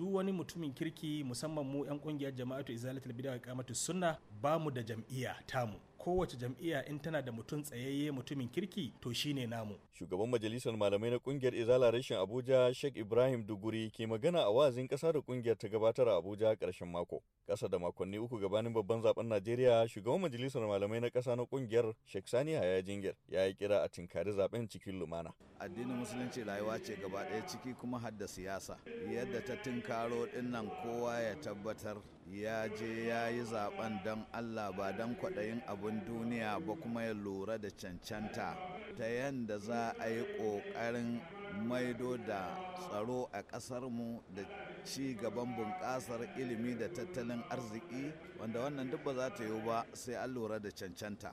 duk wani mutumin kirki musamman mu 'yan kungiyar jama'atu izalatul bid'a wa sunna ba mu da jam'iyya tamu kowace jam'iyya in tana da mutum tsayayye mutumin kirki to shine namu shugaban majalisar malamai na kungiyar izala rashin abuja sheikh ibrahim duguri ke magana a wazin kasa da kungiyar ta gabatar a abuja karshen mako kasa da makonni uku gabanin babban zaben najeriya shugaban majalisar malamai na kasa na kungiyar sheikh sani haya jingir ya yi kira a tinkari zaben cikin lumana addinin musulunci rayuwa ce gaba ɗaya ciki kuma hadda siyasa yadda ta tinkaro dinnan kowa ya tabbatar ya je ya yi zaben don allah ba don kwaɗayin abu abin duniya ba kuma ya lura da cancanta ta yadda za a yi ƙoƙarin maido da tsaro a ƙasarmu da ci gaban bunƙasar ilimi da tattalin arziki wanda wannan duk ba za ta yiwu ba sai an lura da cancanta.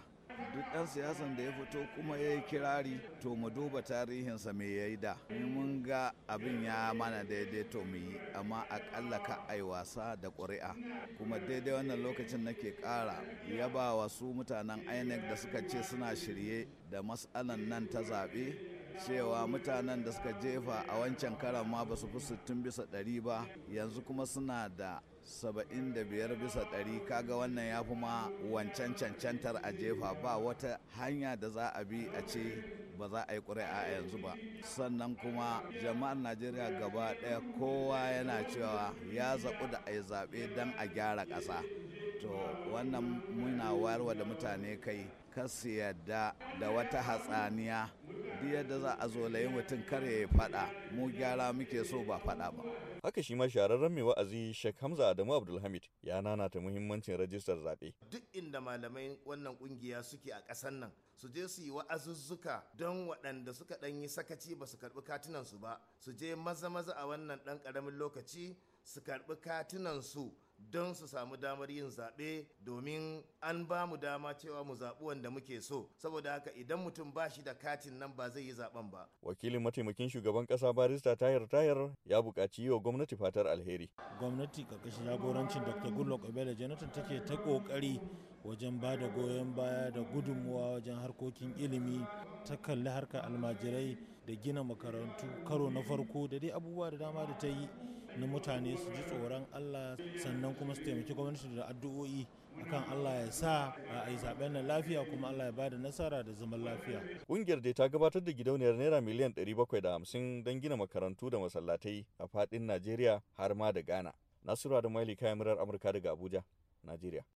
duk ɗan siyasan da ya fito kuma ya yi kirari to mu duba tarihinsa me ya yi da mun ga abin ya mana daidai to mu yi amma akalla ka ai wasa da ƙuri'a kuma daidai wannan lokacin nake ƙara yaba wa su mutanen inec da suka ce suna shirye da matsalan nan ta zaɓe cewa mutanen da suka jefa a wancan karan ma ba su fi 60 bisa 100 ba yanzu kuma suna da 75 bisa 100 kaga wannan ya fi ma wancan cancantar a jefa ba wata hanya da za a bi a ce ba za a yi ƙuri'a a yanzu ba sannan kuma jama'ar najeriya gaba ɗaya kowa yana cewa ya zaɓu da a yi zaɓe don a gyara ƙasa to wannan muna wayarwa da mutane kai kasu yadda da wata hatsaniya duk yadda za a zo zolaye mutum kar ya faɗa mu gyara muke so ba faɗa ba haka shi ma shahararren mai wa'azi Sheikh Hamza Adamu Abdulhamid ya nanata muhimmancin rajistar zaɓe duk inda malamai wannan kungiya suke a ƙasar nan su je su yi wa'azuzzuka don waɗanda suka ɗan yi sakaci ba su karɓi katunansu ba su je maza maza a wannan ɗan ƙaramin lokaci su karɓi katunansu don su samu damar yin zaɓe domin an ba mu dama cewa mu zaɓi wanda muke so saboda haka idan mutum ba shi da katin nan ba zai yi zaɓen ba. Wakilin mataimakin shugaban ƙasa barista tayar tayar ya buƙaci yi wa gwamnati fatar alheri. Gwamnati ƙarƙashin jagorancin Dr. Goodluck Ebele Jonathan take ta ƙoƙari wajen ba da goyon baya da gudunmuwa wajen harkokin ilimi ta kalli harkar almajirai da gina makarantu karo na farko da dai abubuwa da dama da ta yi na mutane su ji tsoron Allah sannan kuma su taimaki gwamnati da addu'o'i akan Allah ya sa a yi zaben nan lafiya kuma Allah ya ba da nasara da zaman lafiya. Ƙungiyar dai ta gabatar da gidauniyar naira miliyan 750 don gina makarantu da masallatai a faɗin Najeriya har ma da Ghana. Nasiru Adamu Ali kayan murar Amurka daga Abuja, Najeriya.